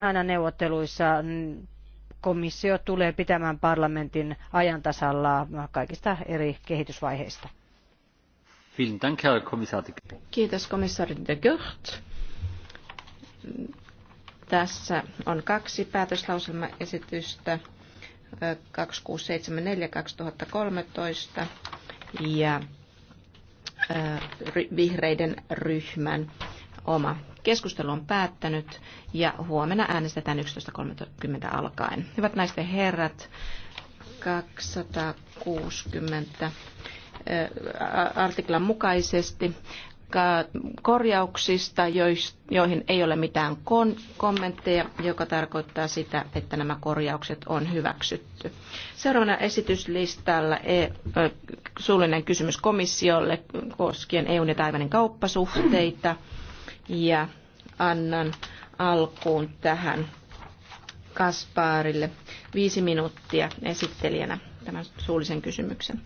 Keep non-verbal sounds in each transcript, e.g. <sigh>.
aina neuvotteluissa mm, komissio tulee pitämään parlamentin ajan tasalla kaikista eri kehitysvaiheista. Kiitos komissaari de Gucht. Tässä on kaksi päätöslauselmaesitystä 2674 2013 ja vihreiden ryhmän oma Keskustelu on päättänyt ja huomenna äänestetään 11.30 alkaen. Hyvät naisten herrat, 260 äh, artiklan mukaisesti korjauksista, joihin ei ole mitään kommentteja, joka tarkoittaa sitä, että nämä korjaukset on hyväksytty. Seuraavana esityslistalla e- äh, suullinen kysymys komissiolle koskien EUn ja Taivanin kauppasuhteita ja annan alkuun tähän Kaspaarille viisi minuuttia esittelijänä tämän suullisen kysymyksen.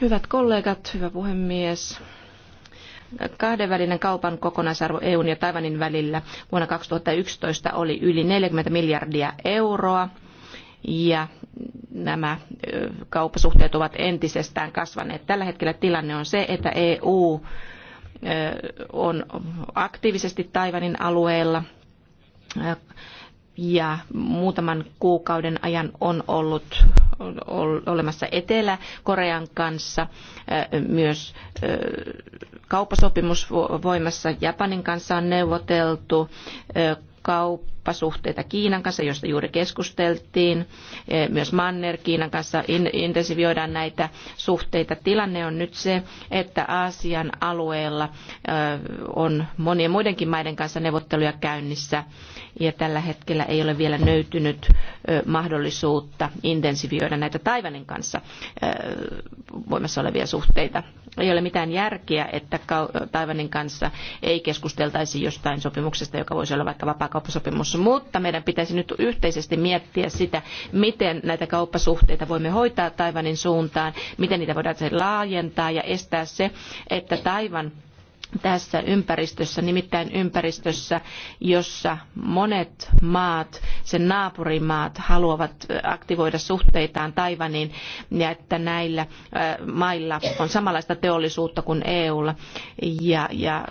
Hyvät kollegat, hyvä puhemies. Kahdenvälinen kaupan kokonaisarvo EUn ja Taiwanin välillä vuonna 2011 oli yli 40 miljardia euroa ja nämä kauppasuhteet ovat entisestään kasvaneet. Tällä hetkellä tilanne on se, että EU on aktiivisesti Taiwanin alueella ja muutaman kuukauden ajan on ollut olemassa Etelä-Korean kanssa myös kauppasopimus voimassa. Japanin kanssa on neuvoteltu kauppasuhteita Kiinan kanssa, josta juuri keskusteltiin. Eh, myös Manner Kiinan kanssa intensivioidaan näitä suhteita. Tilanne on nyt se, että Aasian alueella eh, on monien muidenkin maiden kanssa neuvotteluja käynnissä ja tällä hetkellä ei ole vielä löytynyt eh, mahdollisuutta intensivioida näitä Taivanin kanssa voimassa olevia suhteita ei ole mitään järkeä, että Taivanin kanssa ei keskusteltaisi jostain sopimuksesta, joka voisi olla vaikka vapaakauppasopimus, mutta meidän pitäisi nyt yhteisesti miettiä sitä, miten näitä kauppasuhteita voimme hoitaa Taivanin suuntaan, miten niitä voidaan laajentaa ja estää se, että Taivan tässä ympäristössä, nimittäin ympäristössä, jossa monet maat, sen naapurimaat, haluavat aktivoida suhteitaan Taivaniin ja että näillä mailla on samanlaista teollisuutta kuin EUlla ja, ja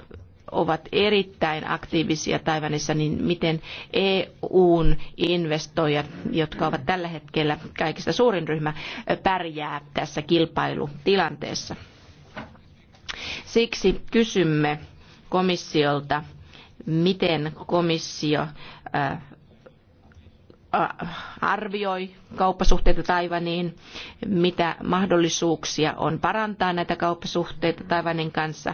ovat erittäin aktiivisia Taivanissa, niin miten EUn investoijat, jotka ovat tällä hetkellä kaikista suurin ryhmä, pärjää tässä kilpailutilanteessa? Siksi kysymme komissiolta, miten komissio arvioi kauppasuhteita Taivaniin, mitä mahdollisuuksia on parantaa näitä kauppasuhteita Taivanin kanssa,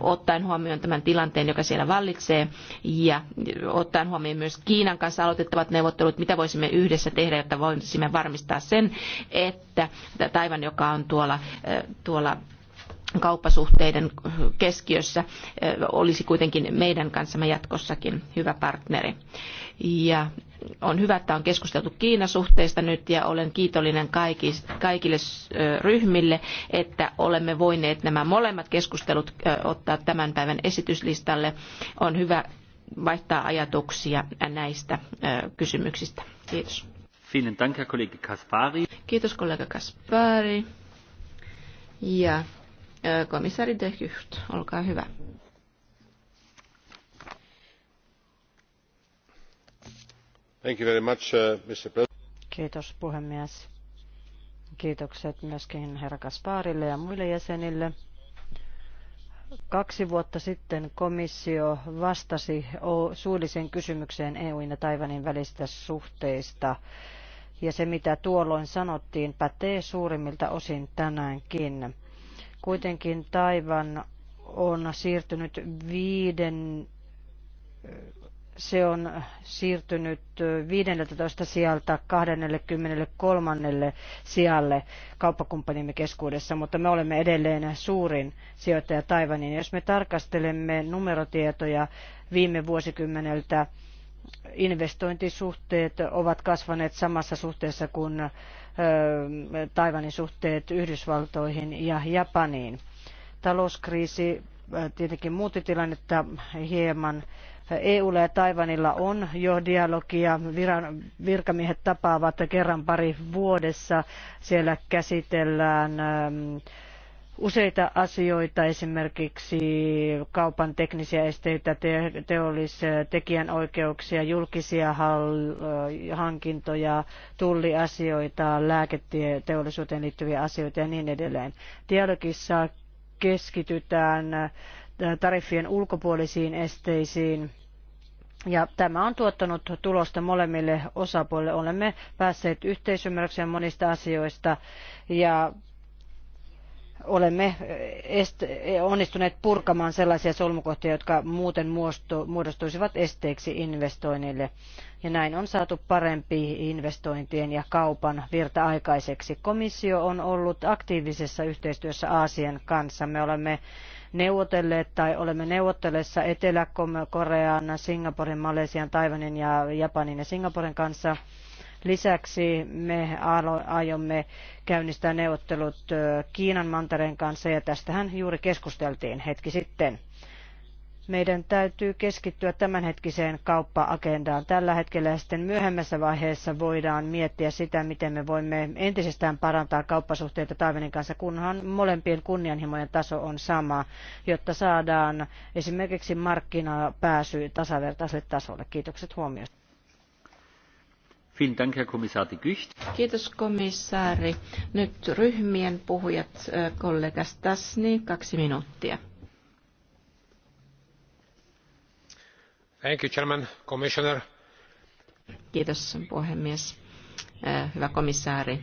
ottaen huomioon tämän tilanteen, joka siellä vallitsee, ja ottaen huomioon myös Kiinan kanssa aloitettavat neuvottelut, mitä voisimme yhdessä tehdä, jotta voisimme varmistaa sen, että Taivan, joka on tuolla, tuolla kauppasuhteiden keskiössä olisi kuitenkin meidän kanssamme jatkossakin hyvä partneri. Ja on hyvä, että on keskusteltu Kiinan suhteista nyt ja olen kiitollinen kaikille ryhmille, että olemme voineet nämä molemmat keskustelut ottaa tämän päivän esityslistalle. On hyvä vaihtaa ajatuksia näistä kysymyksistä. Kiitos. Vielen Kiitos kollega Kaspari. Ja Komissaari De Gucht, olkaa hyvä. Thank you very much, uh, Mr. President. Kiitos puhemies. Kiitokset myöskin herra Kasparille ja muille jäsenille. Kaksi vuotta sitten komissio vastasi suulliseen kysymykseen EUn ja Taivanin välistä suhteista. Ja se, mitä tuolloin sanottiin, pätee suurimmilta osin tänäänkin. Kuitenkin Taivan on siirtynyt viiden, se on siirtynyt 15 sieltä 23. sijalle kauppakumppanimme keskuudessa, mutta me olemme edelleen suurin sijoittaja Taivanin. Jos me tarkastelemme numerotietoja viime vuosikymmeneltä, investointisuhteet ovat kasvaneet samassa suhteessa kuin Taivanin suhteet Yhdysvaltoihin ja Japaniin. Talouskriisi tietenkin muutti tilannetta hieman. EUlla ja Taivanilla on jo dialogia. Viran, virkamiehet tapaavat kerran pari vuodessa. Siellä käsitellään ähm, useita asioita, esimerkiksi kaupan teknisiä esteitä, teollistekijänoikeuksia, julkisia hankintoja, tulliasioita, lääketeollisuuteen liittyviä asioita ja niin edelleen. Dialogissa keskitytään tariffien ulkopuolisiin esteisiin, ja tämä on tuottanut tulosta molemmille osapuolille. Olemme päässeet yhteisymmärrykseen monista asioista ja olemme eh, eh, onnistuneet purkamaan sellaisia solmukohtia, jotka muuten muodostuisivat esteeksi investoinnille. Ja näin on saatu parempi investointien ja kaupan virta aikaiseksi. Komissio on ollut aktiivisessa yhteistyössä Aasian kanssa. Me olemme neuvotelleet tai olemme neuvottelemassa Etelä-Korean, Singaporen, Malesian, Taiwanin ja Japanin ja Singaporen kanssa – Lisäksi me aiomme käynnistää neuvottelut Kiinan mantereen kanssa ja tästähän juuri keskusteltiin hetki sitten meidän täytyy keskittyä tämänhetkiseen kauppa-agendaan tällä hetkellä ja sitten myöhemmässä vaiheessa voidaan miettiä sitä, miten me voimme entisestään parantaa kauppasuhteita Taiwanin kanssa, kunhan molempien kunnianhimojen taso on sama, jotta saadaan esimerkiksi markkinapääsy tasavertaiselle tasolle. Kiitokset huomiosta. Kiitos komissaari. Nyt ryhmien puhujat, kollega Stasni, kaksi minuuttia. Thank you, Chairman, Commissioner. Kiitos puhemies. Hyvä komissaari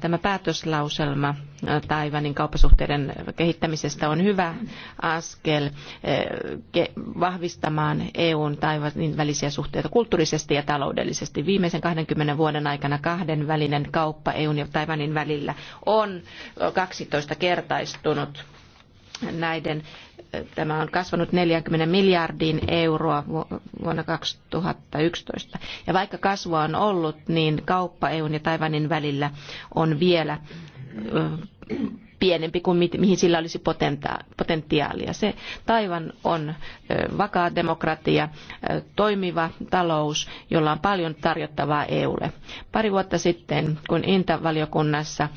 Tämä päätöslauselma Taiwanin kauppasuhteiden kehittämisestä on hyvä askel vahvistamaan EUn Taiwanin välisiä suhteita kulttuurisesti ja taloudellisesti. Viimeisen 20 vuoden aikana kahden välinen kauppa EUn ja Taiwanin välillä on 12 kertaistunut näiden, eh, tämä on kasvanut 40 miljardiin euroa vuonna 2011. Ja vaikka kasvua on ollut, niin kauppa EUn ja Taiwanin välillä on vielä eh, pienempi kuin mihin sillä olisi potentiaalia. Se Taiwan on eh, vakaa demokratia, toimiva talous, jolla on paljon tarjottavaa EUlle. Pari vuotta sitten, kun Inta-valiokunnassa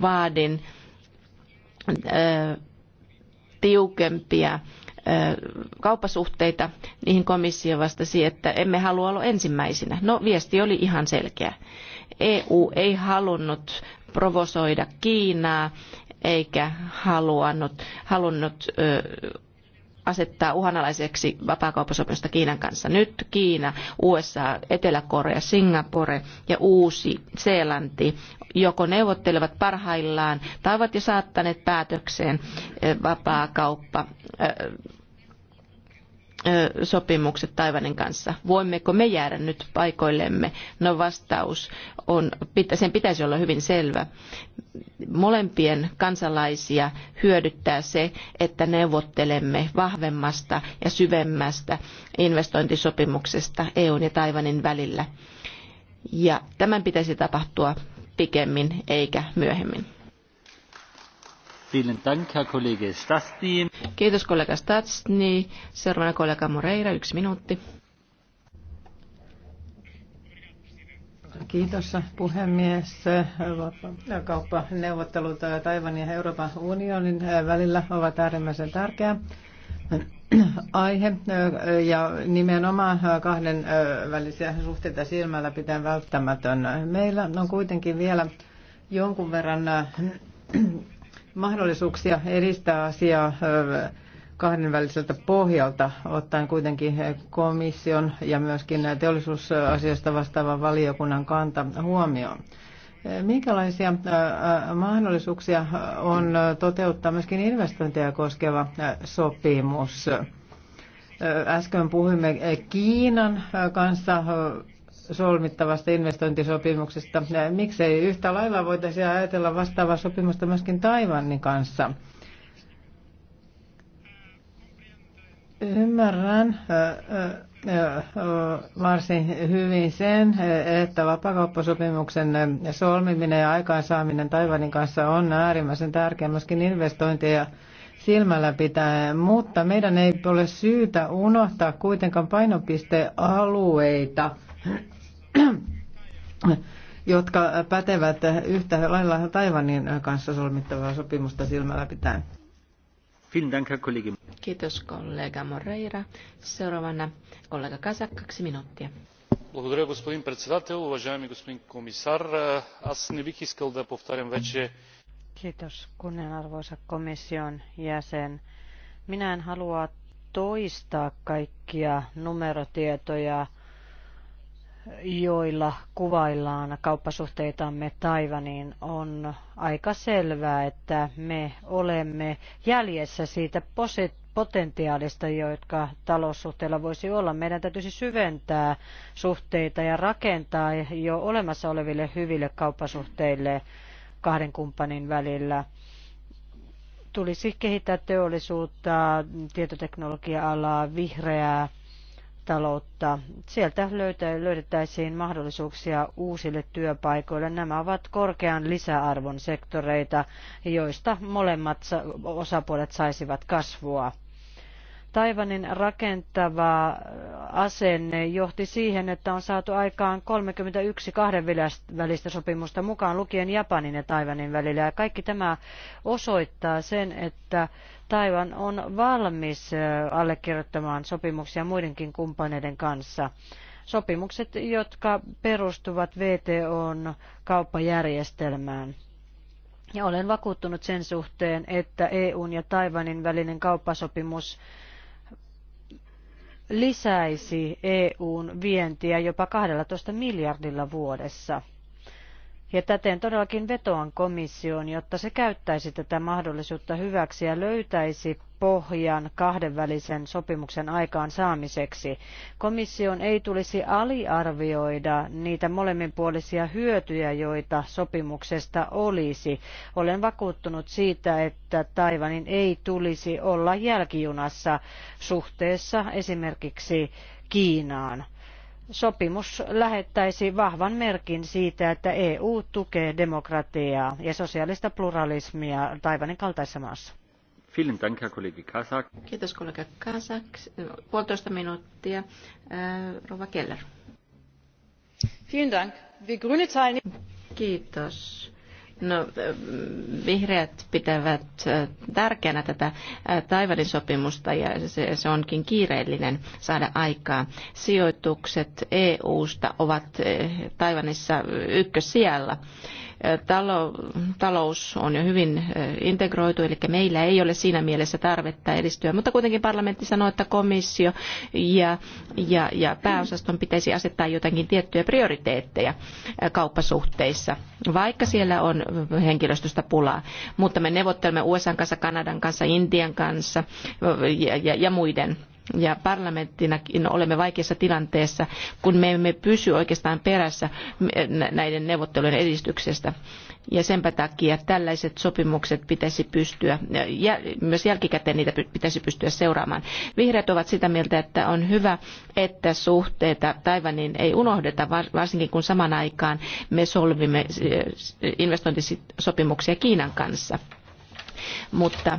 vaadin tiukempia kauppasuhteita, niihin komissio vastasi, että emme halua olla ensimmäisinä. No viesti oli ihan selkeä. EU ei halunnut provosoida Kiinaa eikä halunnut, halunnut asettaa uhanalaiseksi vapaakauppasopimusta Kiinan kanssa. Nyt Kiina, USA, Etelä-Korea, Singapore ja Uusi-Seelanti joko neuvottelevat parhaillaan tai ovat jo saattaneet päätökseen eh, vapaakauppa eh, sopimukset Taivanin kanssa. Voimmeko me jäädä nyt paikoillemme? No vastaus on, sen pitäisi olla hyvin selvä. Molempien kansalaisia hyödyttää se, että neuvottelemme vahvemmasta ja syvemmästä investointisopimuksesta EUn ja Taivanin välillä. Ja tämän pitäisi tapahtua pikemmin eikä myöhemmin. Kiitos kollega Stastni, Seuraavana kollega Moreira, yksi minuutti. Kiitos puhemies. Kauppaneuvottelut Taivan ja Euroopan unionin välillä ovat äärimmäisen tärkeä aihe ja nimenomaan kahden välisiä suhteita silmällä pitää välttämätön. Meillä on kuitenkin vielä jonkun verran mahdollisuuksia edistää asiaa kahdenväliseltä pohjalta, ottaen kuitenkin komission ja myöskin teollisuusasioista vastaavan valiokunnan kanta huomioon. Minkälaisia mahdollisuuksia on toteuttaa myöskin investointeja koskeva sopimus? Äsken puhuimme Kiinan kanssa solmittavasta investointisopimuksesta. Miksei yhtä lailla voitaisiin ajatella vastaavaa sopimusta myöskin Taivannin kanssa? Ymmärrän varsin hyvin sen, että vapakauppasopimuksen solmiminen ja aikaansaaminen Taivanin kanssa on äärimmäisen tärkeä myöskin investointeja silmällä pitää, mutta meidän ei ole syytä unohtaa kuitenkaan painopistealueita <clears throat> jotka pätevät yhtä lailla Taivanin kanssa solmittavaa sopimusta silmällä pitäen. Kiitos kollega Moreira. Seuraavana kollega Kasak, kaksi minuuttia. Благодаря, господин председател. Уважаеми господин комисар, аз не бих искал да повтарям вече... Kiitos, komission jäsen. Minä en halua toistaa kaikkia numerotietoja, joilla kuvaillaan kauppasuhteitamme Taivaniin, on aika selvää, että me olemme jäljessä siitä potentiaalista, jotka taloussuhteilla voisi olla. Meidän täytyisi syventää suhteita ja rakentaa jo olemassa oleville hyville kauppasuhteille kahden kumppanin välillä tulisi kehittää teollisuutta, tietoteknologia-alaa, vihreää taloutta. Sieltä löydettäisiin mahdollisuuksia uusille työpaikoille. Nämä ovat korkean lisäarvon sektoreita, joista molemmat osapuolet saisivat kasvua. Taivanin rakentava asenne johti siihen, että on saatu aikaan 31 kahdenvälistä sopimusta mukaan lukien Japanin ja Taivanin välillä. Ja kaikki tämä osoittaa sen, että Taivan on valmis allekirjoittamaan sopimuksia muidenkin kumppaneiden kanssa. Sopimukset, jotka perustuvat VTOn kauppajärjestelmään. Ja olen vakuuttunut sen suhteen, että EUn ja Taivanin välinen kauppasopimus lisäisi EUn vientiä jopa 12 miljardilla vuodessa – ja täten todellakin vetoan komissioon, jotta se käyttäisi tätä mahdollisuutta hyväksi ja löytäisi pohjan kahdenvälisen sopimuksen aikaan saamiseksi. Komission ei tulisi aliarvioida niitä molemminpuolisia hyötyjä, joita sopimuksesta olisi. Olen vakuuttunut siitä, että Taivanin ei tulisi olla jälkijunassa suhteessa esimerkiksi Kiinaan Sopimus lähettäisi vahvan merkin siitä, että EU tukee demokratiaa ja sosiaalista pluralismia Taivanin kaltaisessa maassa. Kiitos kollega Kasak. Puolitoista minuuttia. Äh, Rova Keller. Kiitos. No, vihreät pitävät tärkeänä tätä Taivalin sopimusta ja se, se onkin kiireellinen saada aikaa. Sijoitukset EU-sta ovat Taivanissa ykkösijalla. siellä talous on jo hyvin eh, integroitu, eli meillä ei ole siinä mielessä tarvetta edistyä. Mutta kuitenkin parlamentti sanoo, että komissio ja, ja, ja pääosaston pitäisi asettaa jotakin tiettyjä prioriteetteja eh, kauppasuhteissa, vaikka siellä on henkilöstöstä pulaa. Mutta me neuvottelemme USA kanssa, Kanadan kanssa, Intian kanssa eh, ja, ja, ja muiden ja parlamenttinakin olemme vaikeassa tilanteessa, kun me emme pysy oikeastaan perässä näiden neuvottelujen edistyksestä. Ja senpä takia tällaiset sopimukset pitäisi pystyä, myös jälkikäteen niitä pitäisi pystyä seuraamaan. Vihreät ovat sitä mieltä, että on hyvä, että suhteita taiwaniin ei unohdeta, varsinkin kun samaan aikaan me solvimme investointisopimuksia Kiinan kanssa. Mutta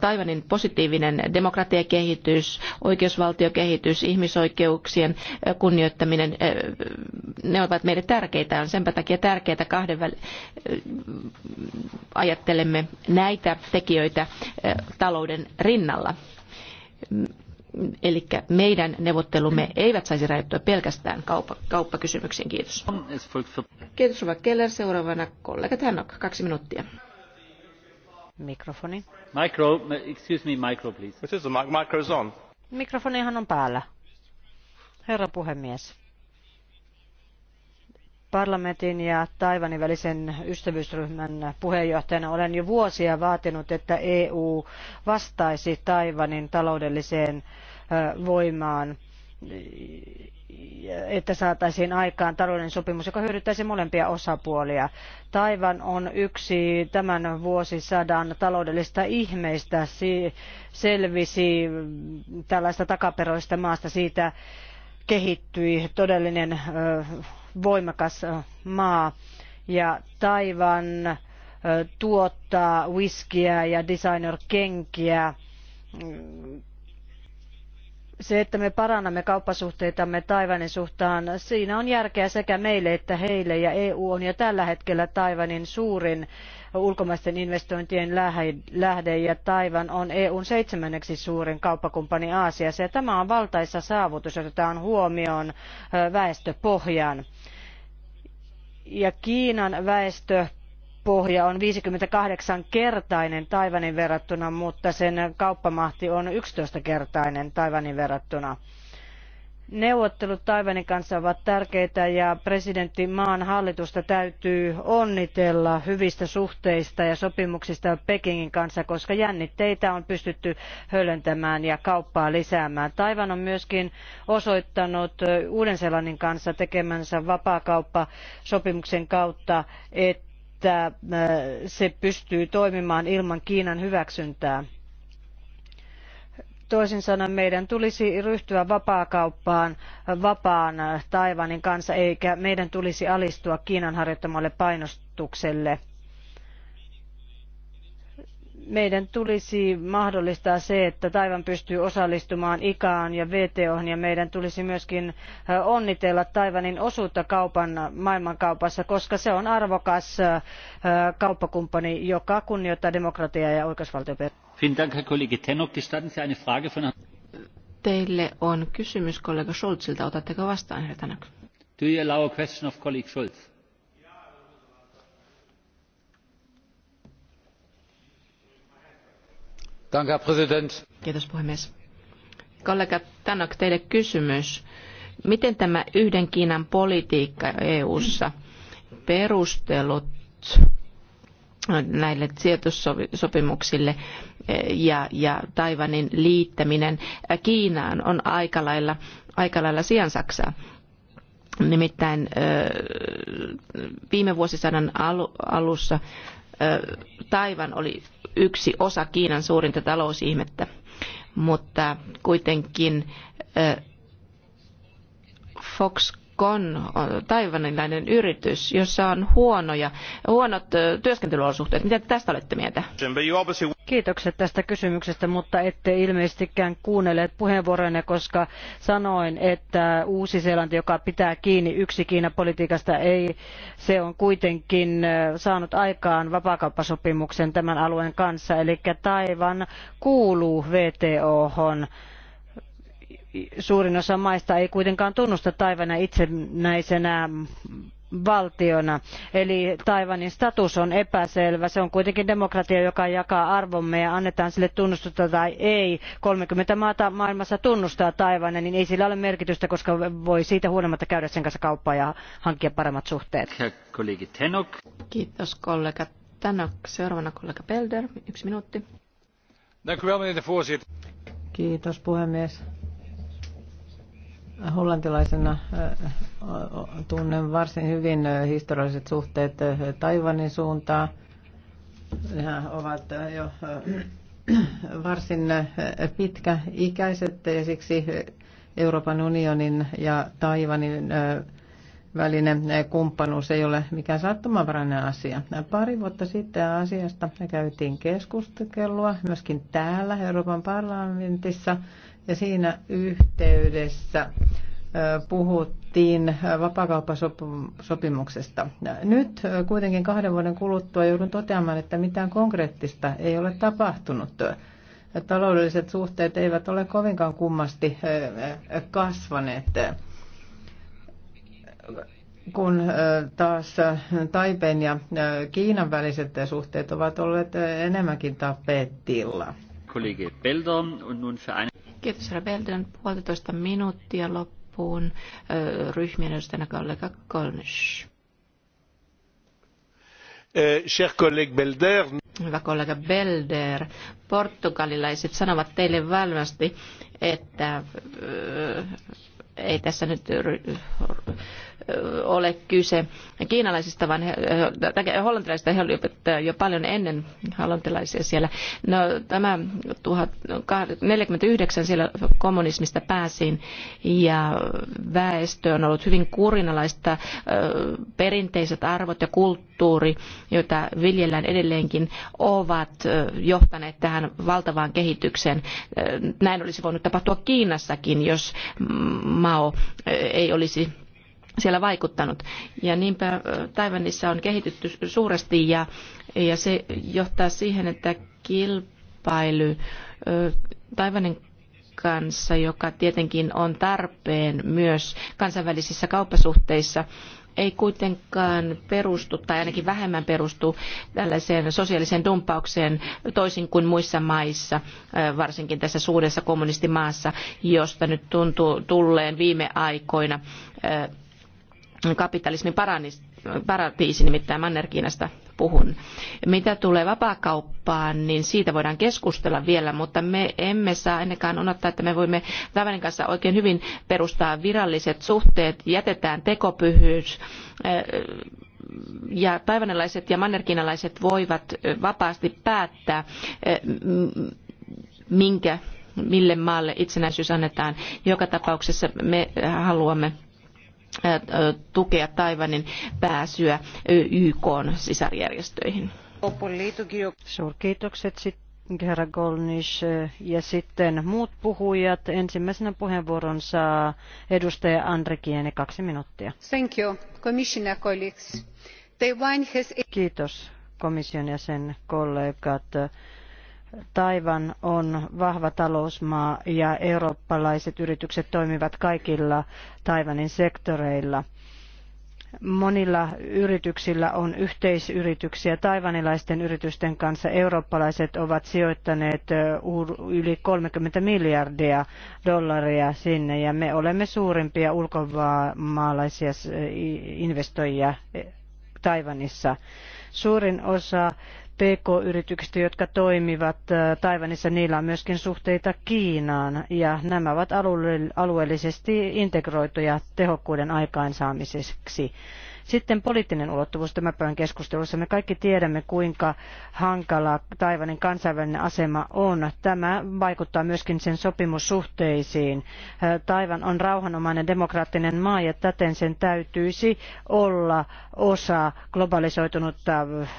Taiwanin positiivinen demokratiakehitys, oikeusvaltiokehitys, ihmisoikeuksien kunnioittaminen, ne ovat meille tärkeitä. On senpä takia tärkeää kahden väl... ajattelemme näitä tekijöitä talouden rinnalla. Eli meidän neuvottelumme eivät saisi rajoittua pelkästään kauppa, kauppakysymyksiin. Kiitos. Kiitos Rova Keller. Seuraavana kollega Tanok, kaksi minuuttia. Mikrofoni. excuse me, please. Mikrofonihan on päällä. Herra puhemies parlamentin ja Taiwanin välisen ystävyysryhmän puheenjohtajana olen jo vuosia vaatinut, että EU vastaisi Taiwanin taloudelliseen voimaan että saataisiin aikaan talouden sopimus, joka hyödyttäisi molempia osapuolia. Taivan on yksi tämän vuosisadan taloudellista ihmeistä. selvisi tällaista takaperoista maasta siitä kehittyi todellinen voimakas maa. Ja Taivan tuottaa whiskiä ja designer-kenkiä se, että me parannamme kauppasuhteitamme taiwanin suhtaan, siinä on järkeä sekä meille että heille ja EU on jo tällä hetkellä taiwanin suurin ulkomaisten investointien lähde ja Taivan on EUn seitsemänneksi suurin kauppakumppani Aasiassa ja tämä on valtaisa saavutus, jos otetaan huomioon väestöpohjan ja Kiinan väestö pohja on 58-kertainen Taivanin verrattuna, mutta sen kauppamahti on 11-kertainen Taivanin verrattuna. Neuvottelut Taiwanin kanssa ovat tärkeitä ja presidentti maan hallitusta täytyy onnitella hyvistä suhteista ja sopimuksista Pekingin kanssa, koska jännitteitä on pystytty höllentämään ja kauppaa lisäämään. Taivan on myöskin osoittanut Uuden-Seelannin kanssa tekemänsä vapaakauppasopimuksen kautta, että että äh, se pystyy toimimaan ilman Kiinan hyväksyntää. Toisin sanoen meidän tulisi ryhtyä vapaakauppaan vapaan äh, Taivanin kanssa, eikä meidän tulisi alistua Kiinan harjoittamalle painostukselle meidän tulisi mahdollistaa se, että Taivan pystyy osallistumaan ICAan ja VTOhon ja meidän tulisi myöskin onnitella Taivanin osuutta kaupan maailmankaupassa, koska se on arvokas kauppakumppani, joka kunnioittaa demokratiaa ja oikeusvaltioperiaatteita. Teille on kysymys kollega Schulzilta. Otatteko vastaan, herra Tanak? Do you allow a question of colleague Schulz? herr Kiitos puhemies. Kollega Tanok, teille kysymys. Miten tämä yhden Kiinan politiikka EU:ssa perustelut näille sijoitussopimuksille eh, ja, ja Taivanin liittäminen Kiinaan on aika lailla, aika lailla sijansaksaa. Nimittäin eh, viime vuosisadan alussa Taivan oli yksi osa Kiinan suurinta talousihmettä, mutta kuitenkin Foxconn on taivanilainen yritys, jossa on huonoja, huonot työskentelyolosuhteet. Mitä te tästä olette mieltä? Kiitokset tästä kysymyksestä, mutta ette ilmeisestikään kuunnelleet puheenvuoroani koska sanoin, että Uusi-Seelanti, joka pitää kiinni yksi Kiina-politiikasta, ei, se on kuitenkin saanut aikaan vapaakauppasopimuksen tämän alueen kanssa, eli taiwan kuuluu VTOhon suurin osa maista ei kuitenkaan tunnusta Taivana itsenäisenä valtiona. Eli Taiwanin status on epäselvä. Se on kuitenkin demokratia, joka jakaa arvomme ja annetaan sille tunnustusta tai ei. 30 maata maailmassa tunnustaa Taiwanin, niin ei sillä ole merkitystä, koska voi siitä huolimatta käydä sen kanssa kauppaa ja hankkia paremmat suhteet. Kiitos kollega Tanok. Seuraavana kollega Pelder. Yksi minuutti. Kiitos puhemies hollantilaisena tunnen varsin hyvin historialliset suhteet Taiwanin suuntaan. Nämä ovat jo <clears throat> varsin pitkäikäiset ja siksi Euroopan unionin ja Taiwanin välinen kumppanuus ei ole mikään sattumanvarainen asia. Pari vuotta sitten asiasta käytiin keskustelua myöskin täällä Euroopan parlamentissa – ja siinä yhteydessä puhuttiin vapakauppasopimuksesta. Nyt kuitenkin kahden vuoden kuluttua joudun toteamaan, että mitään konkreettista ei ole tapahtunut. Taloudelliset suhteet eivät ole kovinkaan kummasti kasvaneet. Kun taas Taipeen ja Kiinan väliset suhteet ovat olleet enemmänkin tapetilla. Kollegi Kiitos Rebeldon. Puolitoista minuuttia loppuun. Ryhmien edustajana kollega Kolnish. Eh, cher collègue Belder. Hyvä kollega Belder, portugalilaiset sanovat teille varmasti, että ei tässä nyt ole kyse kiinalaisista, vaan he, äh, äh, hollantilaisista he olivat jo paljon ennen hollantilaisia siellä. No, tämä 1949 siellä kommunismista pääsiin ja väestö on ollut hyvin kurinalaista, äh, perinteiset arvot ja kulttuuri, joita viljellään edelleenkin, ovat johtaneet tähän valtavaan kehitykseen. Näin olisi voinut tapahtua Kiinassakin, jos Mao ei olisi siellä vaikuttanut. Ja niinpä Taiwanissa on kehitytty suuresti ja, ja se johtaa siihen, että kilpailu Taiwanin kanssa, joka tietenkin on tarpeen myös kansainvälisissä kauppasuhteissa, ei kuitenkaan perustu, tai ainakin vähemmän perustu tällaiseen sosiaaliseen dumppaukseen toisin kuin muissa maissa, varsinkin tässä suuressa kommunistimaassa, josta nyt tuntuu tulleen viime aikoina kapitalismin paratiisi, nimittäin Manner-Kiinasta puhun. Mitä tulee vapaakauppaan, niin siitä voidaan keskustella vielä, mutta me emme saa ainakaan unohtaa, että me voimme Taiwanin kanssa oikein hyvin perustaa viralliset suhteet, jätetään tekopyhyys, eh, ja taivanilaiset ja mannerkiinalaiset voivat vapaasti päättää, eh, minkä, mille maalle itsenäisyys annetaan. Joka tapauksessa me haluamme tukea Taivanin pääsyä YK sisarjärjestöihin. Suurkiitokset sitten herra Golnish ja sitten muut puhujat. Ensimmäisenä puheenvuoron saa edustaja Andre Kiene, kaksi minuuttia. Thank you, commissioner colleagues. Taiwan has... Kiitos komission jäsen kollegat. Taivan on vahva talousmaa ja eurooppalaiset yritykset toimivat kaikilla Taivanin sektoreilla. Monilla yrityksillä on yhteisyrityksiä taivanilaisten yritysten kanssa. Eurooppalaiset ovat sijoittaneet yli 30 miljardia dollaria sinne ja me olemme suurimpia ulkomaalaisia investoijia Taivanissa. Suurin osa PK-yrityksistä, jotka toimivat äh, Taivanissa, niillä on myöskin suhteita Kiinaan ja nämä ovat alueellisesti integroituja tehokkuuden aikaansaamiseksi. Sitten poliittinen ulottuvuus tämän päivän keskustelussa. Me kaikki tiedämme, kuinka hankala Taivanin kansainvälinen asema on. Tämä vaikuttaa myöskin sen sopimussuhteisiin. Äh, Taivan on rauhanomainen demokraattinen maa ja täten sen täytyisi olla osa globalisoitunutta äh,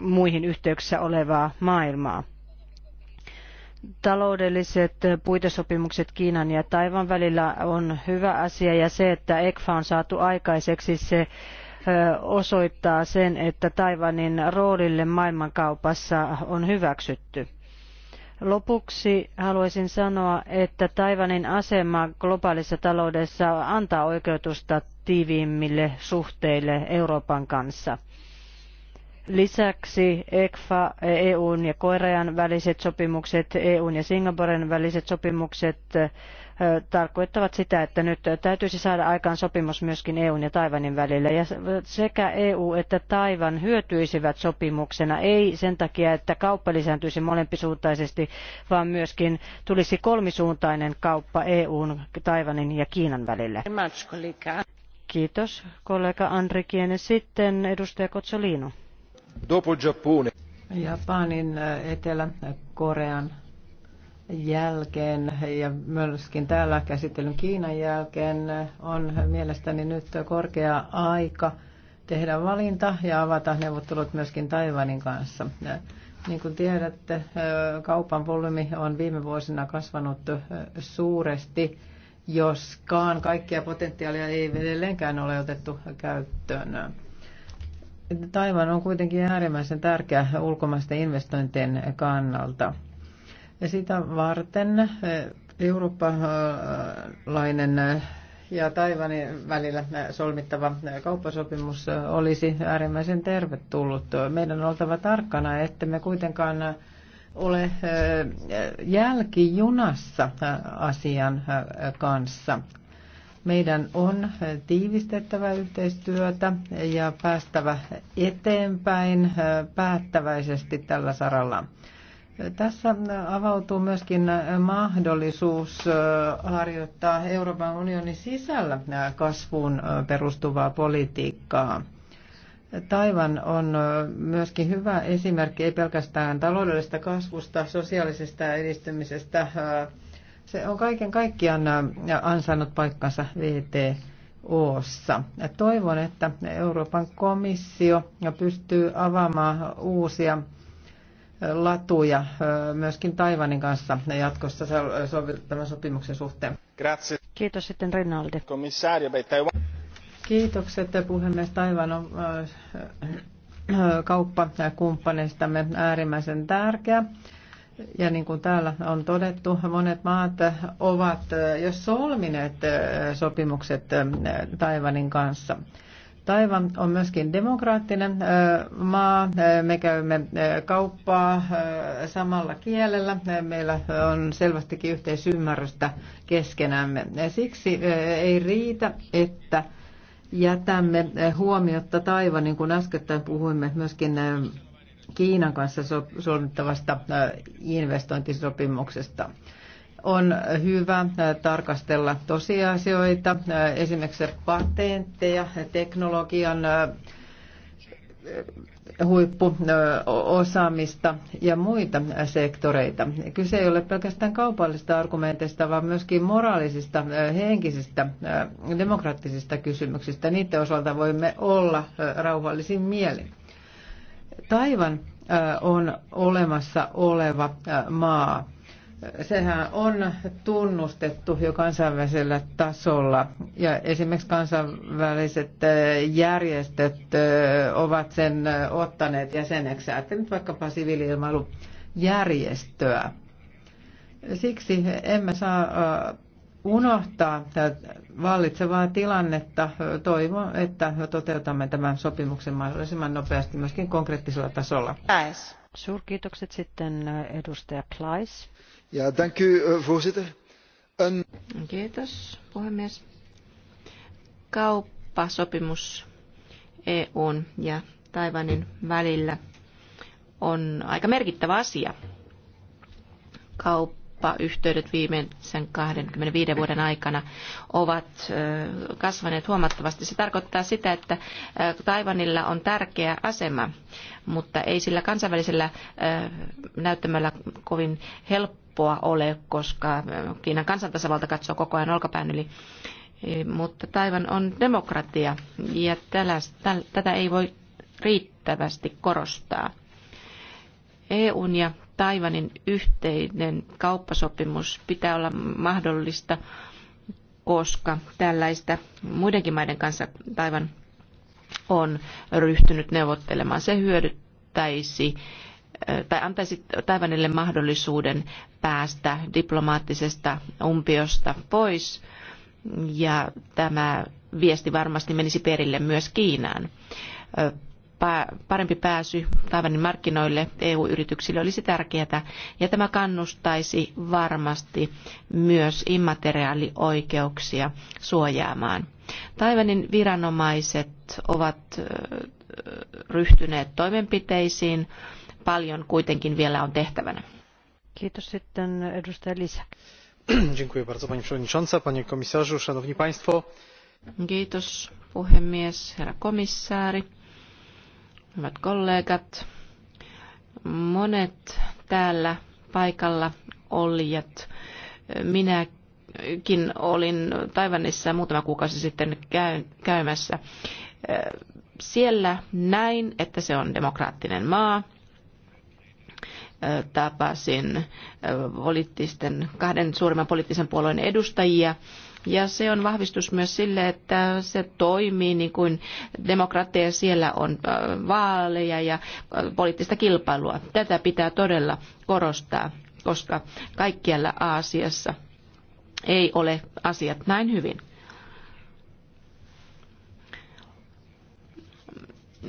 muihin yhteyksissä olevaa maailmaa. Taloudelliset puitesopimukset Kiinan ja Taivan välillä on hyvä asia ja se, että ECFA on saatu aikaiseksi, se osoittaa sen, että Taivanin roolille maailmankaupassa on hyväksytty. Lopuksi haluaisin sanoa, että Taivanin asema globaalissa taloudessa antaa oikeutusta tiiviimmille suhteille Euroopan kanssa. Lisäksi ECFA, EUn ja Korean väliset sopimukset, EUn ja Singaporen väliset sopimukset tarkoittavat sitä, että nyt täytyisi saada aikaan sopimus myöskin EUn ja Taivanin välillä. Ja sekä EU että Taivan hyötyisivät sopimuksena, ei sen takia, että kauppa lisääntyisi molempisuuntaisesti, vaan myöskin tulisi kolmisuuntainen kauppa EUn, Taivanin ja Kiinan välillä. Kiitos kollega Andri Sitten edustaja Kotsoliino Dopo Giappone. Japanin, äh, Etelä-Korean jälkeen ja myöskin täällä käsittelyn Kiinan jälkeen äh, on mielestäni nyt korkea aika tehdä valinta ja avata neuvottelut myöskin Taivanin kanssa. Äh, niin kuin tiedätte, kaupan volyymi on viime vuosina kasvanut suuresti, joskaan kaikkia potentiaalia ei edelleenkään ole otettu käyttöön. Taivan on kuitenkin äärimmäisen tärkeä ulkomaisten investointien kannalta. Ja sitä varten eh, eurooppalainen eh, ja Taivanin välillä eh, solmittava kauppasopimus olisi äärimmäisen tervetullut. Meidän on oltava tarkkana, että me kuitenkaan ole jälkijunassa asian kanssa. Meidän on tiivistettävä yhteistyötä ja päästävä eteenpäin äh, päättäväisesti tällä saralla. Tässä avautuu myöskin mahdollisuus äh, harjoittaa Euroopan unionin sisällä äh, kasvuun perustuvaa politiikkaa. Taivan on myöskin hyvä esimerkki ei pelkästään taloudellisesta kasvusta, sosiaalisesta edistymisestä, se on kaiken kaikkiaan ansainnut paikkansa VTOssa. Toivon, että Euroopan komissio pystyy avaamaan uusia latuja myöskin Taivanin kanssa jatkossa tämän sopimuksen suhteen. Grazie. Kiitos sitten Rinaldi. Komissaario, Kiitokset puhemies. Taivan on kauppakumppaneistamme äärimmäisen tärkeä. Ja niin kuin täällä on todettu, monet maat ovat jo solmineet sopimukset Taivanin kanssa. Taivan on myöskin demokraattinen maa. Me käymme kauppaa samalla kielellä. Meillä on selvästikin yhteisymmärrystä keskenämme. Siksi ei riitä, että jätämme huomiota Taivanin, kun äskettäin puhuimme myöskin Kiinan kanssa solmittavasta äh, investointisopimuksesta. On hyvä äh, tarkastella tosiasioita, äh, esimerkiksi patentteja, teknologian huippuosaamista ja muita sektoreita. Kyse ei ole pelkästään kaupallisista argumenteista, vaan myöskin moraalisista, henkisistä, demokraattisista kysymyksistä. Niiden osalta voimme olla rauhallisin mielin. Taivan äh, on olemassa oleva äh, maa. Sehän on tunnustettu jo kansainvälisellä tasolla ja esimerkiksi kansainväliset äh, järjestöt ovat sen ottaneet jäseneksi. Ajattelin nyt vaikkapa siviiliilmailujärjestöä. Siksi emme saa unohtaa vallitsevaa tilannetta. Toivon, että toteutamme tämän sopimuksen mahdollisimman nopeasti myöskin konkreettisella tasolla. Klaes. Suurkiitokset sitten äh, edustaja Klaes. Ja, thank you, äh, voorzitter. Um... Kiitos, puhemies. Kauppasopimus EUn ja Taiwanin välillä on aika merkittävä asia. Kauppa kauppayhteydet viimeisen 25 vuoden aikana ovat kasvaneet huomattavasti. Se tarkoittaa sitä, että Taiwanilla on tärkeä asema, mutta ei sillä kansainvälisellä näyttämällä kovin helppoa ole, koska Kiinan kansantasavalta katsoo koko ajan olkapään yli e, mutta Taivan on demokratia ja tätä ei voi riittävästi korostaa. EUn ja Taivanin yhteinen kauppasopimus pitää olla mahdollista, koska tällaista muidenkin maiden kanssa Taivan on ryhtynyt neuvottelemaan. Se hyödyttäisi eh, tai antaisi Taivanille mahdollisuuden päästä diplomaattisesta umpiosta pois ja tämä viesti varmasti menisi perille myös Kiinaan. Eh, parempi pääsy Taiwanin markkinoille EU-yrityksille olisi tärkeää ja tämä kannustaisi varmasti myös immateriaalioikeuksia suojaamaan. Taiwanin viranomaiset ovat ryhtyneet toimenpiteisiin, paljon kuitenkin vielä on tehtävänä. Kiitos sitten edustaja Lisä. <clears throat> Dziękuję bardzo pani przewodnicząca, panie komisarzu, szanowni państwo. Kiitos puhemies, herra komissaari. Hyvät kollegat, monet täällä paikalla olijat, minäkin olin Taivanissa muutama kuukausi sitten käymässä. Siellä näin, että se on demokraattinen maa. Tapasin poliittisten, kahden suurimman poliittisen puolueen edustajia ja se on vahvistus myös sille, että se toimii niin kuin demokratia siellä on äh, vaaleja ja äh, poliittista kilpailua. Tätä pitää todella korostaa, koska kaikkialla Aasiassa ei ole asiat näin hyvin.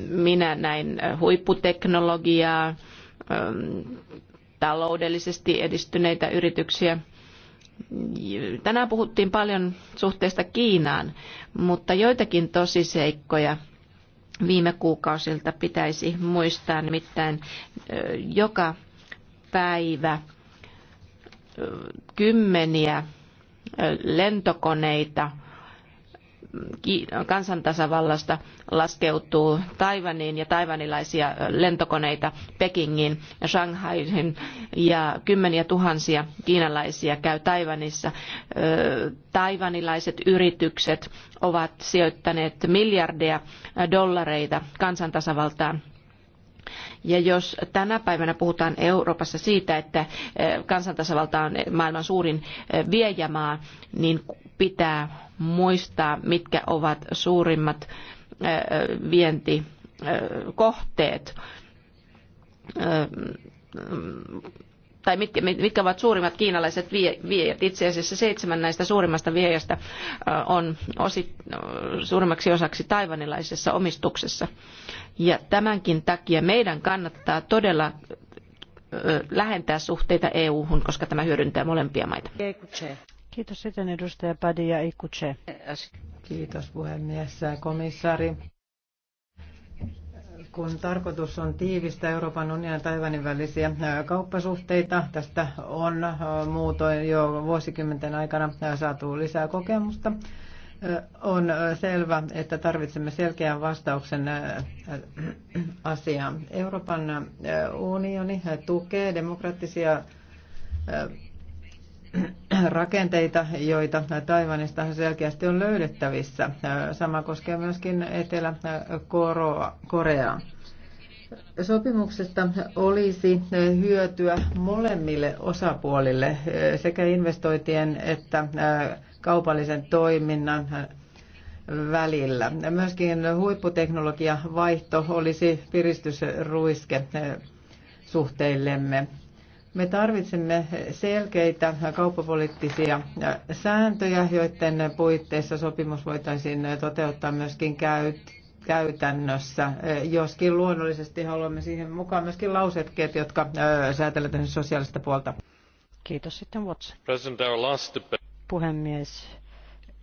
Minä näin äh, huipputeknologiaa, ähm, taloudellisesti edistyneitä yrityksiä – Tänään puhuttiin paljon suhteesta Kiinaan, mutta joitakin tosiseikkoja viime kuukausilta pitäisi muistaa, nimittäin joka päivä kymmeniä lentokoneita – kansantasavallasta laskeutuu Taivaniin ja taivanilaisia lentokoneita Pekingiin ja Shanghaihin ja kymmeniä tuhansia kiinalaisia käy Taivanissa. Taivanilaiset yritykset ovat sijoittaneet miljardeja dollareita kansantasavaltaan ja jos tänä päivänä puhutaan Euroopassa siitä, että eh, kansantasavalta on maailman suurin eh, viejämaa, niin pitää muistaa, mitkä ovat suurimmat eh, vientikohteet tai mitkä, mitkä ovat suurimmat kiinalaiset viejät. Itse asiassa seitsemän näistä suurimmasta viejästä äh, on osi, äh, suurimmaksi osaksi taivanilaisessa omistuksessa. Ja tämänkin takia meidän kannattaa todella äh, lähentää suhteita EU-hun, koska tämä hyödyntää molempia maita. Kiitos sitten edustaja Padia Ikuche. Kiitos puhemies komissaari kun tarkoitus on tiivistää Euroopan unionin ja Taivanin välisiä kauppasuhteita. Tästä on muutoin jo vuosikymmenten aikana saatu lisää kokemusta. On selvä, että tarvitsemme selkeän vastauksen asiaan. Euroopan unioni tukee demokraattisia rakenteita, joita Taivanista selkeästi on löydettävissä. Sama koskee myöskin Etelä-Koreaa. Sopimuksesta olisi hyötyä molemmille osapuolille, sekä investointien että kaupallisen toiminnan välillä. Myöskin huipputeknologia vaihto olisi piristysruiske suhteillemme. Me tarvitsemme selkeitä kauppapoliittisia sääntöjä, joiden puitteissa sopimus voitaisiin toteuttaa myöskin käyt, käytännössä. Joskin luonnollisesti haluamme siihen mukaan myöskin lausetkeet, jotka säätelevät sosiaalista puolta. Kiitos sitten Watson. Puhemies,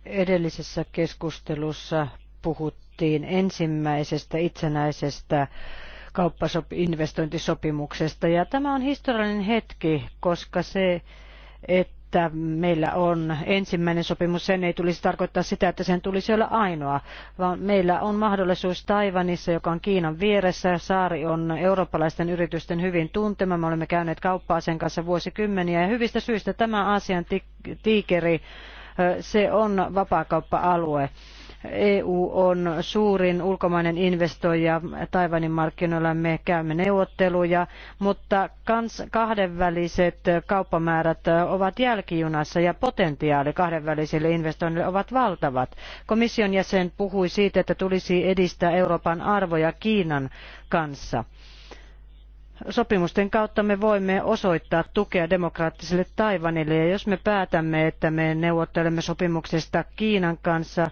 edellisessä keskustelussa puhuttiin ensimmäisestä itsenäisestä kauppainvestointisopimuksesta. Ja tämä on historiallinen hetki, koska se, että meillä on ensimmäinen sopimus, sen ei tulisi tarkoittaa sitä, että sen tulisi olla ainoa, vaan meillä on mahdollisuus Taivanissa, joka on Kiinan vieressä. Saari on eurooppalaisten yritysten hyvin tuntema. Me olemme käyneet kauppaa sen kanssa vuosikymmeniä ja hyvistä syistä tämä Aasian tiikeri, se on vapaakauppa-alue EU on suurin ulkomainen investoija Taiwanin markkinoilla. Me käymme neuvotteluja, mutta kahdenväliset kauppamäärät ovat jälkijunassa ja potentiaali kahdenvälisille investoinneille ovat valtavat. Komission jäsen puhui siitä, että tulisi edistää Euroopan arvoja Kiinan kanssa. Sopimusten kautta me voimme osoittaa tukea demokraattiselle Taiwanille ja jos me päätämme, että me neuvottelemme sopimuksesta Kiinan kanssa,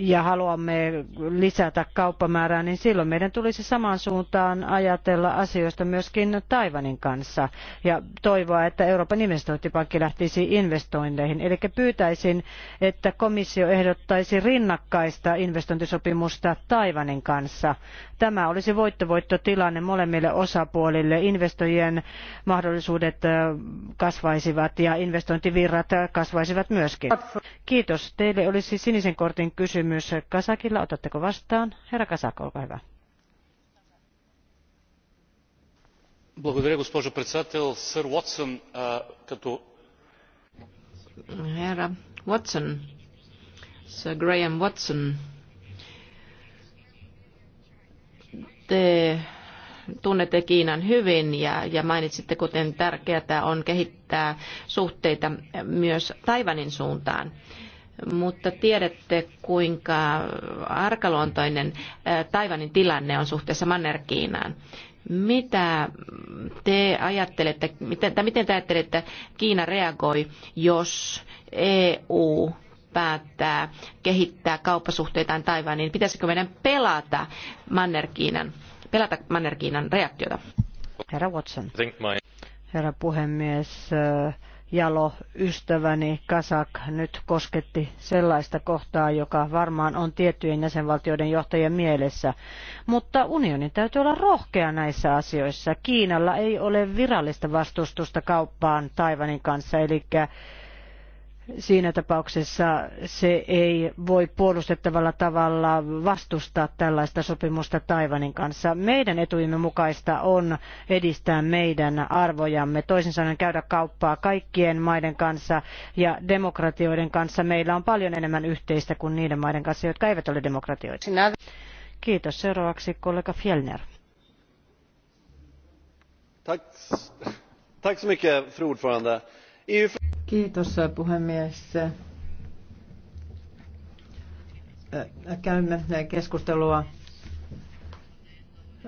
ja haluamme lisätä kauppamäärää, niin silloin meidän tulisi samaan suuntaan ajatella asioista myöskin Taivanin kanssa ja toivoa, että Euroopan investointipankki lähtisi investointeihin. Eli pyytäisin, että komissio ehdottaisi rinnakkaista investointisopimusta Taivanin kanssa. Tämä olisi voittovoittotilanne molemmille osapuolille. Investoijien mahdollisuudet äh, kasvaisivat ja investointivirrat äh, kasvaisivat myöskin. Kiitos. Teille olisi sinisen kortin kysymys kysymys Kasakilla. Otatteko vastaan? Herra Kasak, olkaa hyvä. Sir Watson Herra Watson, Sir Graham Watson, te tunnette Kiinan hyvin ja, ja mainitsitte, kuten tärkeää on kehittää suhteita myös Taivanin suuntaan mutta tiedätte, kuinka arkaluontoinen Taivanin tilanne on suhteessa Manner-Kiinaan. Mitä te ajattelette, tai miten te ajattelette, että Kiina reagoi, jos EU päättää kehittää kauppasuhteitaan Taivaniin? Pitäisikö meidän pelata Manner-Kiinan, pelata Manner-Kiinan reaktiota? Herra Watson. Herra puhemies, äh, jalo ystäväni Kasak nyt kosketti sellaista kohtaa, joka varmaan on tiettyjen jäsenvaltioiden johtajien mielessä. Mutta unionin täytyy olla rohkea näissä asioissa. Kiinalla ei ole virallista vastustusta kauppaan Taivanin kanssa, eli Siinä tapauksessa se ei voi puolustettavalla tavalla vastustaa tällaista sopimusta Taiwanin kanssa. Meidän etuimme mukaista on edistää meidän arvojamme, toisin sanoen käydä kauppaa kaikkien maiden kanssa ja demokratioiden kanssa. Meillä on paljon enemmän yhteistä kuin niiden maiden kanssa, jotka eivät ole demokratioita. Kiitos. Seuraavaksi kollega Fjellner. tack så mycket, fru ordförande. EU... Kiitos puhemies. Käymme keskustelua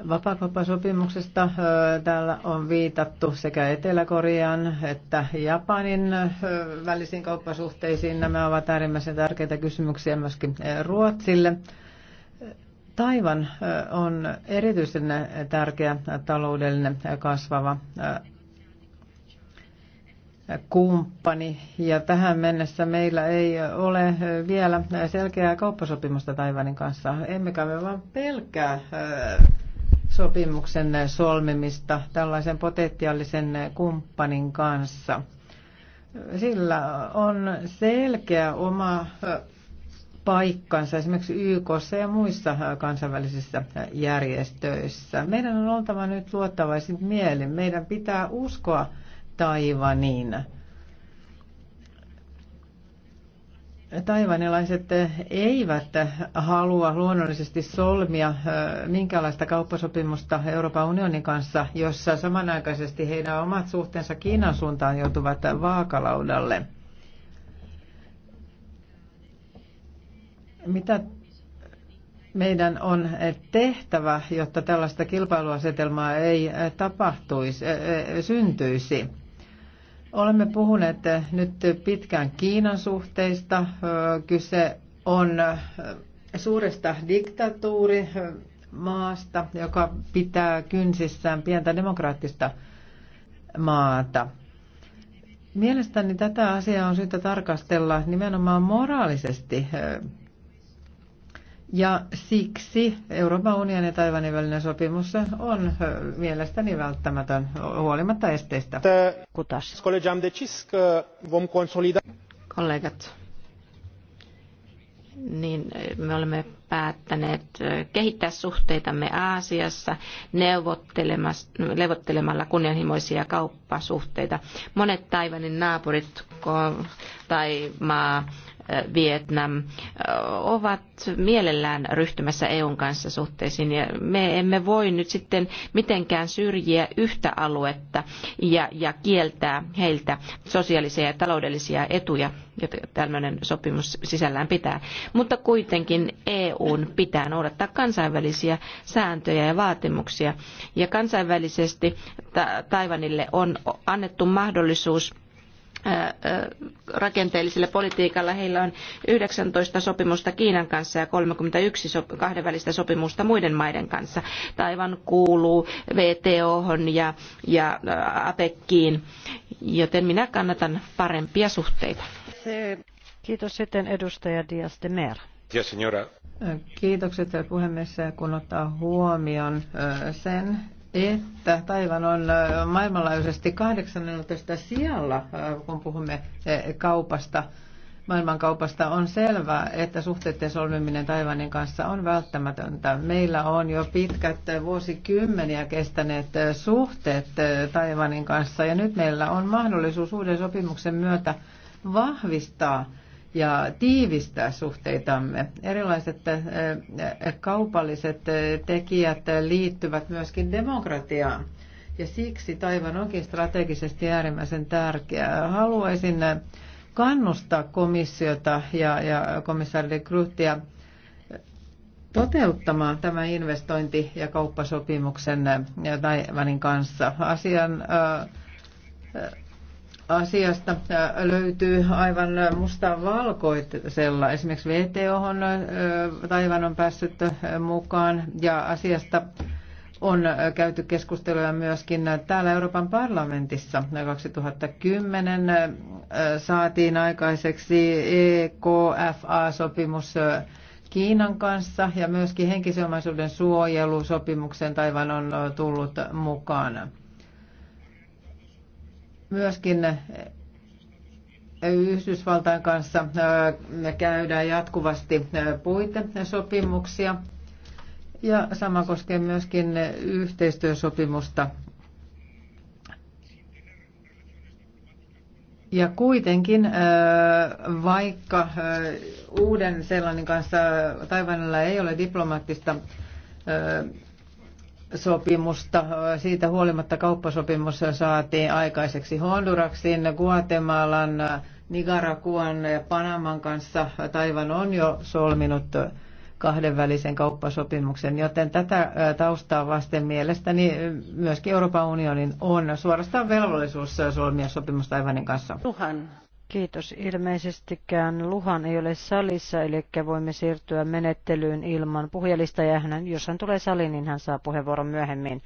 Vapaakauppasopimuksesta täällä on viitattu sekä Etelä-Korean että Japanin välisiin kauppasuhteisiin. Nämä ovat äärimmäisen tärkeitä kysymyksiä myöskin Ruotsille. Taivan on erityisen tärkeä taloudellinen kasvava kumppani. Ja tähän mennessä meillä ei ole vielä selkeää kauppasopimusta Taivanin kanssa. Emmekä me vaan pelkää sopimuksen solmimista tällaisen potentiaalisen kumppanin kanssa. Sillä on selkeä oma paikkansa esimerkiksi YK ja muissa kansainvälisissä järjestöissä. Meidän on oltava nyt luottavaisin mielin. Meidän pitää uskoa Taivaniin. Taivanilaiset eivät halua luonnollisesti solmia minkäänlaista kauppasopimusta Euroopan unionin kanssa, jossa samanaikaisesti heidän omat suhteensa Kiinan suuntaan joutuvat vaakalaudalle. Mitä meidän on tehtävä, jotta tällaista kilpailuasetelmaa ei tapahtuisi, syntyisi? Olemme puhuneet nyt pitkään Kiinan suhteista. Kyse on suuresta diktatuurimaasta, joka pitää kynsissään pientä demokraattista maata. Mielestäni tätä asiaa on syytä tarkastella nimenomaan moraalisesti ja siksi Euroopan unionin ja Taiwanin välinen sopimus on mielestäni välttämätön huolimatta esteistä. Kutas. Kollegat, niin me olemme päättäneet kehittää suhteitamme Aasiassa neuvottelemalla kunnianhimoisia kauppasuhteita. Monet Taivanin naapurit tai maa Vietnam ovat mielellään ryhtymässä EUn kanssa suhteisiin ja me emme voi nyt sitten mitenkään syrjiä yhtä aluetta ja, ja kieltää heiltä sosiaalisia ja taloudellisia etuja, joita tällainen sopimus sisällään pitää. Mutta kuitenkin EUn pitää noudattaa kansainvälisiä sääntöjä ja vaatimuksia ja kansainvälisesti Taiwanille on annettu mahdollisuus rakenteellisella politiikalla. Heillä on 19 sopimusta Kiinan kanssa ja 31 sop- kahdenvälistä sopimusta muiden maiden kanssa. Taivan kuuluu VTOhon ja, ja APEKkiin, joten minä kannatan parempia suhteita. Kiitos sitten edustaja Dias de Mer. Kiitokset puhemies, kun ottaa huomioon sen, että Taivan on maailmanlaajuisesti 18 sijalla, kun puhumme kaupasta, maailmankaupasta, on selvää, että suhteiden solmiminen Taivanin kanssa on välttämätöntä. Meillä on jo pitkät vuosikymmeniä kestäneet suhteet Taivanin kanssa ja nyt meillä on mahdollisuus uuden sopimuksen myötä vahvistaa – ja tiivistää suhteitamme. Erilaiset äh, äh, kaupalliset äh, tekijät liittyvät myöskin demokratiaan. Ja siksi Taivan onkin strategisesti äärimmäisen tärkeää. Haluaisin kannustaa komissiota ja, ja komissaari de Kruhtia toteuttamaan tämän investointi- ja kauppasopimuksen Taivanin kanssa. Asian äh, asiasta löytyy aivan musta valkoisella. Esimerkiksi VTO on, taivaan on päässyt mukaan ja asiasta on käyty keskusteluja myöskin täällä Euroopan parlamentissa. 2010 saatiin aikaiseksi EKFA-sopimus Kiinan kanssa ja myöskin omaisuuden suojelusopimuksen taivaan on tullut mukana. Myöskin eh, Yhdysvaltain kanssa eh, käydään jatkuvasti eh, puitesopimuksia. Ja sama koskee myöskin yhteistyösopimusta. Ja kuitenkin, vaikka uuden sellainen kanssa Taivanilla ei ole diplomaattista sopimusta. Siitä huolimatta kauppasopimus saatiin aikaiseksi Honduraksin, Guatemalan, Nicaraguan ja Panaman kanssa. Taivan on jo solminut kahdenvälisen kauppasopimuksen, joten tätä taustaa vasten mielestäni myöskin Euroopan unionin on suorastaan velvollisuus solmia sopimus Taivanin kanssa. Tuhan. Kiitos. Ilmeisestikään Luhan ei ole salissa, eli voimme siirtyä menettelyyn ilman puhujalista. Ja hän, jos hän tulee saliin, niin hän saa puheenvuoron myöhemmin.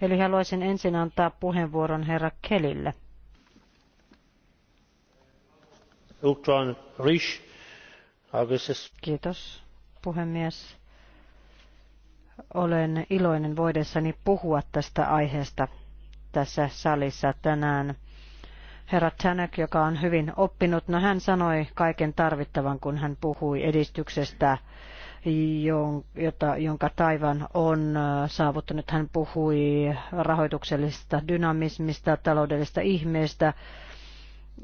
Eli haluaisin ensin antaa puheenvuoron herra Kelille. Kiitos, puhemies. Olen iloinen voidessani puhua tästä aiheesta tässä salissa tänään herra Tanak, joka on hyvin oppinut. No hän sanoi kaiken tarvittavan, kun hän puhui edistyksestä, jota, jonka Taivan on saavuttanut. Hän puhui rahoituksellisesta dynamismista, taloudellisesta ihmeestä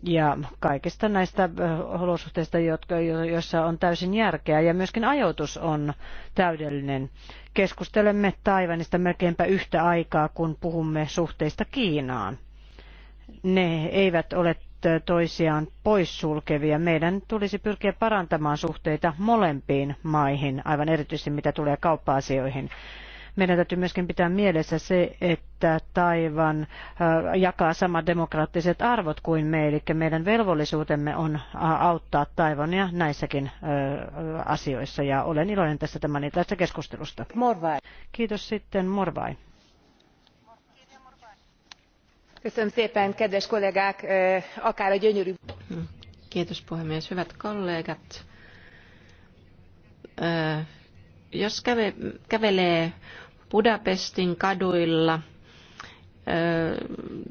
ja kaikista näistä olosuhteista, jotka, joissa on täysin järkeä ja myöskin ajoitus on täydellinen. Keskustelemme Taivanista melkeinpä yhtä aikaa, kun puhumme suhteista Kiinaan ne eivät ole toisiaan poissulkevia. Meidän tulisi pyrkiä parantamaan suhteita molempiin maihin, aivan erityisesti mitä tulee kauppa-asioihin. Meidän täytyy myöskin pitää mielessä se, että Taivan äh, jakaa samat demokraattiset arvot kuin me, eli meidän velvollisuutemme on äh, auttaa Taivania näissäkin äh, asioissa, ja olen iloinen tästä tämän tästä keskustelusta. Morvai. Kiitos sitten, Morvai kiitos hyvät kollegat jos kävelee budapestin kaduilla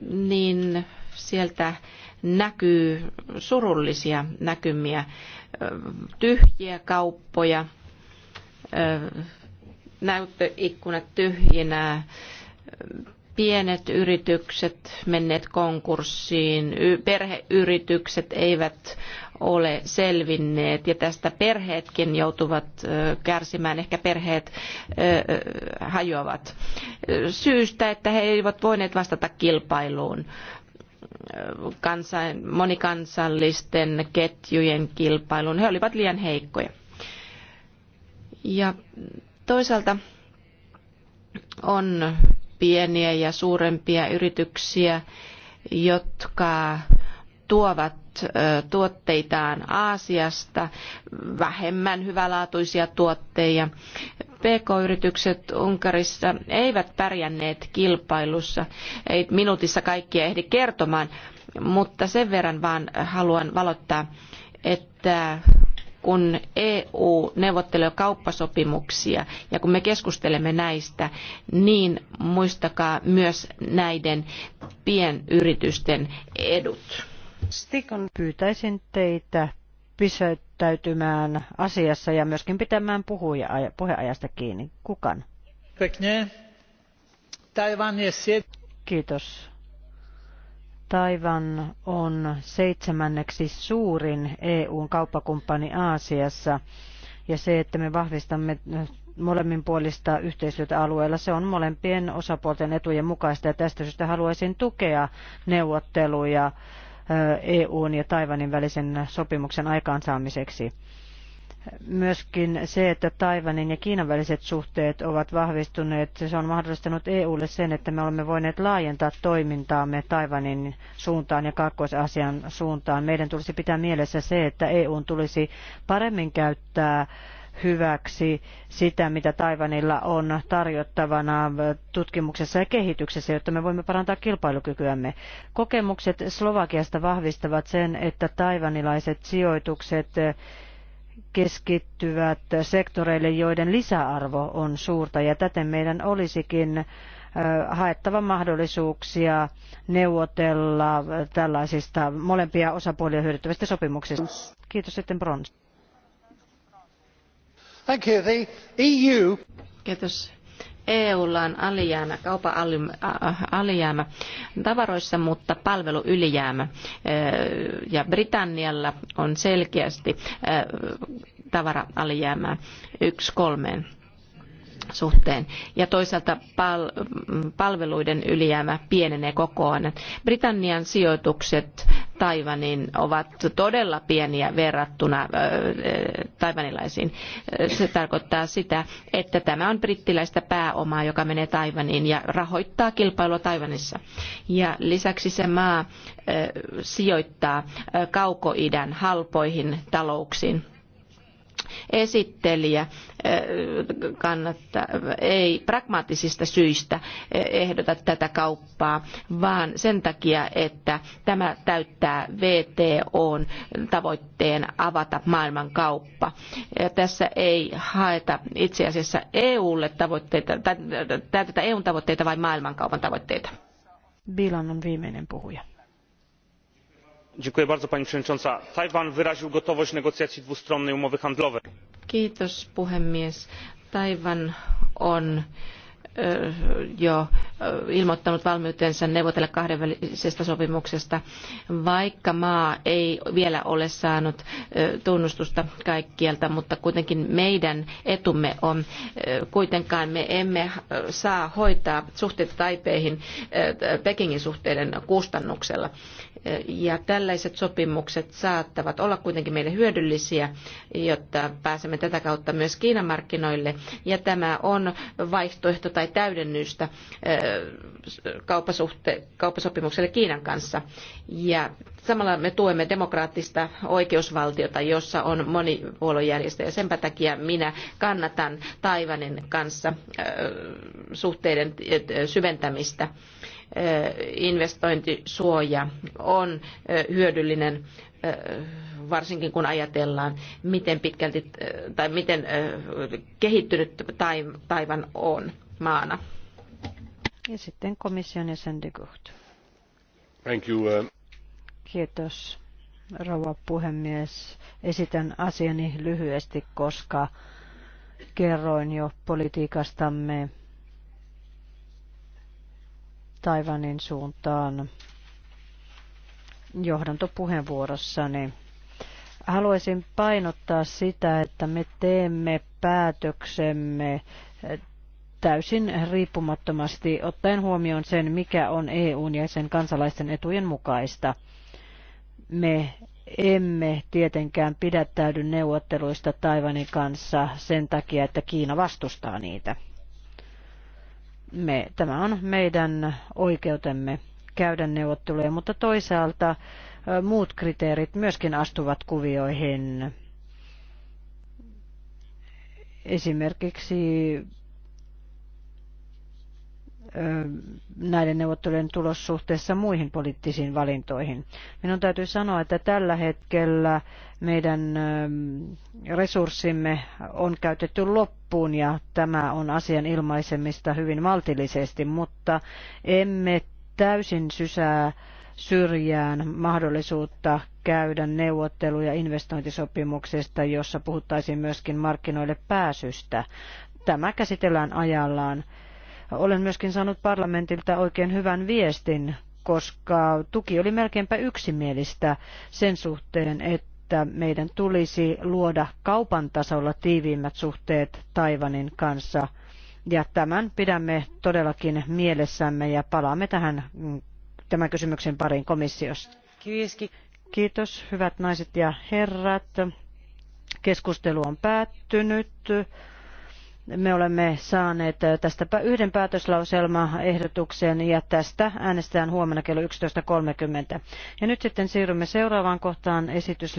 niin sieltä näkyy surullisia näkymiä tyhjiä kauppoja näyttöikkunat tyhjinä pienet yritykset menneet konkurssiin, perheyritykset eivät ole selvinneet ja tästä perheetkin joutuvat kärsimään, ehkä perheet hajoavat syystä, että he eivät voineet vastata kilpailuun monikansallisten ketjujen kilpailuun. He olivat liian heikkoja. Ja toisaalta on pieniä ja suurempia yrityksiä, jotka tuovat tuotteitaan Aasiasta, vähemmän hyvälaatuisia tuotteita. PK-yritykset Unkarissa eivät pärjänneet kilpailussa. Ei minuutissa kaikkia ehdi kertomaan, mutta sen verran vaan haluan valottaa, että kun EU neuvottelee kauppasopimuksia ja kun me keskustelemme näistä, niin muistakaa myös näiden pienyritysten edut. Stikon pyytäisin teitä pysäyttäytymään asiassa ja myöskin pitämään puhuja, puheajasta kiinni. Kukan? Kiitos. Taivan on seitsemänneksi suurin EUn kauppakumppani Aasiassa ja se, että me vahvistamme molemminpuolista yhteistyötä alueella, se on molempien osapuolten etujen mukaista ja tästä syystä haluaisin tukea neuvotteluja EUn ja Taivanin välisen sopimuksen aikaansaamiseksi myöskin se, että Taivanin ja Kiinan väliset suhteet ovat vahvistuneet. Se on mahdollistanut EUlle sen, että me olemme voineet laajentaa toimintaamme Taivanin suuntaan ja Kaakkois-Asian suuntaan. Meidän tulisi pitää mielessä se, että EUn tulisi paremmin käyttää hyväksi sitä, mitä Taivanilla on tarjottavana tutkimuksessa ja kehityksessä, jotta me voimme parantaa kilpailukykyämme. Kokemukset Slovakiasta vahvistavat sen, että taivanilaiset sijoitukset keskittyvät sektoreille, joiden lisäarvo on suurta ja täten meidän olisikin haettava mahdollisuuksia neuvotella tällaisista molempia osapuolia hyödyttävistä sopimuksista. Kiitos sitten Brons. E Kiitos. EUlla on alijäämä, kaupan alijäämä tavaroissa, mutta palvelu ylijäämä. Ja Britannialla on selkeästi tavara alijäämää yksi kolmeen suhteen ja toisaalta palveluiden ylijäämä pienenee koko ajan. Britannian sijoitukset Taivaniin ovat todella pieniä verrattuna taivanilaisiin. Se tarkoittaa sitä, että tämä on brittiläistä pääomaa, joka menee Taivaniin ja rahoittaa kilpailua Taivanissa. Ja lisäksi se maa sijoittaa kaukoidän halpoihin talouksiin Esittelijä eh, kannattaa, ei pragmaattisista syistä eh, ehdota tätä kauppaa, vaan sen takia, että tämä täyttää VTOn tavoitteen avata maailman kauppa. Tässä ei haeta itse asiassa EUlle tavoitteita, täytetä EUn tavoitteita vai maailmankaupan tavoitteita. Bilan on viimeinen puhuja pani przewodnicząca! tajwan wyraził gotowość negocjacji dwustronnej umowy handlowej. kiitos puhemies taiwan on e, jo e, ilmoittanut valmiutensa neuvotella kahdenvälisestä sopimuksesta vaikka maa ei vielä ole saanut e, tunnustusta kaikkialta mutta kuitenkin meidän etumme on kuitenkaan me emme saa hoitaa suhteita taipeihin pekingin suhteiden kustannuksella ja tällaiset sopimukset saattavat olla kuitenkin meille hyödyllisiä, jotta pääsemme tätä kautta myös Kiinan markkinoille. Ja tämä on vaihtoehto tai täydennystä äh, kauppasopimukselle Kiinan kanssa. Ja samalla me tuemme demokraattista oikeusvaltiota, jossa on monipuoluejärjestö. Ja senpä takia minä kannatan Taivanin kanssa äh, suhteiden äh, syventämistä investointisuoja on hyödyllinen varsinkin kun ajatellaan, miten pitkälti tai miten kehittynyt Taivan on maana. Ja sitten komission jäsen de Thank you. Uh, Kiitos, rouva puhemies. Esitän asiani lyhyesti, koska kerroin jo politiikastamme Taivanin suuntaan johdantopuheenvuorossani. Haluaisin painottaa sitä, että me teemme päätöksemme täysin riippumattomasti ottaen huomioon sen, mikä on EUn ja sen kansalaisten etujen mukaista. Me emme tietenkään pidättäydy neuvotteluista Taivanin kanssa sen takia, että Kiina vastustaa niitä me, tämä on meidän oikeutemme käydä neuvotteluja, mutta toisaalta muut kriteerit myöskin astuvat kuvioihin. Esimerkiksi näiden neuvottelujen tulos suhteessa muihin poliittisiin valintoihin. Minun täytyy sanoa, että tällä hetkellä meidän resurssimme on käytetty loppuun ja tämä on asian ilmaisemista hyvin maltillisesti, mutta emme täysin sysää syrjään mahdollisuutta käydä neuvotteluja investointisopimuksesta, jossa puhuttaisiin myöskin markkinoille pääsystä. Tämä käsitellään ajallaan olen myöskin saanut parlamentilta oikein hyvän viestin, koska tuki oli melkeinpä yksimielistä sen suhteen, että meidän tulisi luoda kaupan tasolla tiiviimmät suhteet Taivanin kanssa. Ja tämän pidämme todellakin mielessämme ja palaamme tähän mm, tämän kysymyksen pariin komissiossa. Kiitos, hyvät naiset ja herrat. Keskustelu on päättynyt me olemme saaneet tästä yhden päätöslauselmaehdotuksen ja tästä äänestetään huomenna kello. yksitoista kolmekymmentä ja nyt sitten siirrymme seuraavaan kohtaan esityslistalla